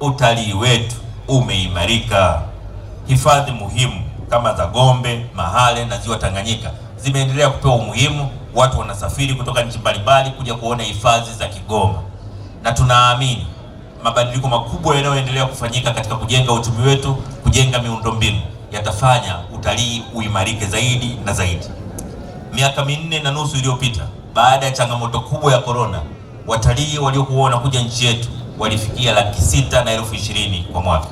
utalii wetu umeimarika. Hifadhi muhimu kama za Gombe, Mahale na ziwa Tanganyika zimeendelea kupewa umuhimu. Watu wanasafiri kutoka nchi mbalimbali kuja kuona hifadhi za Kigoma, na tunaamini mabadiliko makubwa yanayoendelea kufanyika katika kujenga uchumi wetu, kujenga miundombinu yatafanya utalii uimarike zaidi na zaidi. Miaka minne na nusu iliyopita, baada ya changamoto kubwa ya korona, watalii waliokuwa wanakuja nchi yetu walifikia laki sita na elfu ishirini kwa mwaka.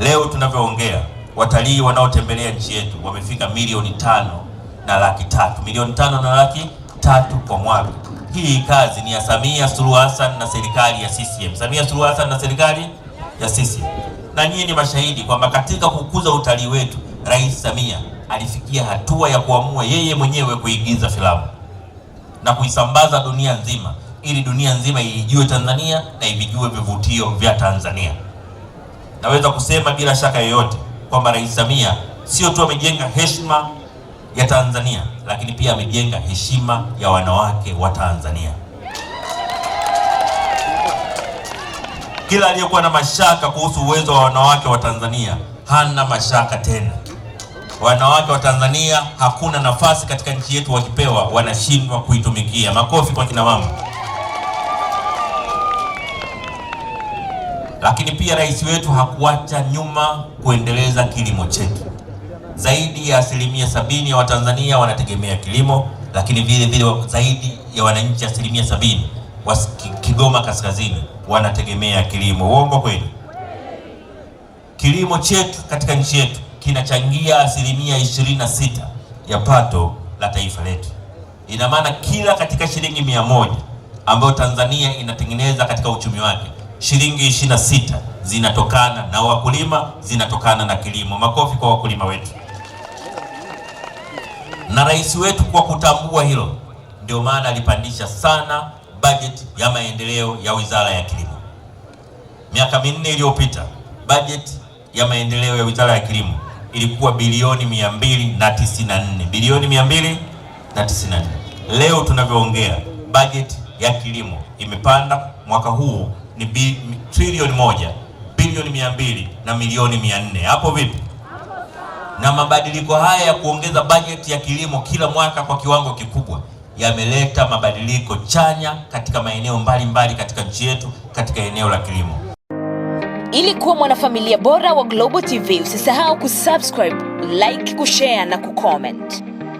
Leo tunavyoongea, watalii wanaotembelea nchi yetu wamefika milioni tano na laki tatu, milioni tano na laki tatu kwa mwaka. Hii kazi ni ya Samia Suluhu Hassan na serikali ya CCM. Samia Suluhu Hassan na serikali ya CCM. Na nyinyi ni mashahidi kwamba katika kukuza utalii wetu, Rais Samia alifikia hatua ya kuamua yeye mwenyewe kuigiza filamu na kuisambaza dunia nzima ili dunia nzima ijue Tanzania na ivijue vivutio vya Tanzania. Naweza kusema bila shaka yoyote kwamba Rais Samia sio tu amejenga heshima ya Tanzania, lakini pia amejenga heshima ya wanawake wa Tanzania. Kila aliyekuwa na mashaka kuhusu uwezo wa wanawake wa Tanzania hana mashaka tena. Wanawake wa Tanzania hakuna nafasi katika nchi yetu, wakipewa wanashindwa kuitumikia. Makofi kwa kina mama. Lakini pia rais wetu hakuacha nyuma kuendeleza kilimo chetu. Zaidi ya asilimia sabini ya Watanzania wanategemea kilimo, lakini vile vile zaidi ya wananchi asilimia sabini wa Kigoma Kaskazini wanategemea kilimo. Uongo kweli? Kilimo chetu katika nchi yetu kinachangia asilimia sita ya pato la taifa letu. Ina maana kila katika shilingi mia moja ambayo Tanzania inatengeneza katika uchumi wake shilingi 26 zinatokana na wakulima, zinatokana na kilimo. Makofi kwa wakulima wetu na rais wetu kwa kutambua hilo, ndio maana alipandisha sana bajeti ya maendeleo ya wizara ya kilimo. Miaka minne iliyopita bajeti ya maendeleo ya wizara ya kilimo ilikuwa bilioni 294, bilioni 294. Leo tunavyoongea bajeti ya kilimo imepanda mwaka huu ni bi, trilioni moja bilioni mia mbili na milioni mia nne hapo vipi? Na mabadiliko haya ya kuongeza bajeti ya kilimo kila mwaka kwa kiwango kikubwa yameleta mabadiliko chanya katika maeneo mbalimbali katika nchi yetu katika eneo la kilimo. Ili kuwa mwanafamilia bora wa Global TV, usisahau kusubscribe, like, kushare na kucomment.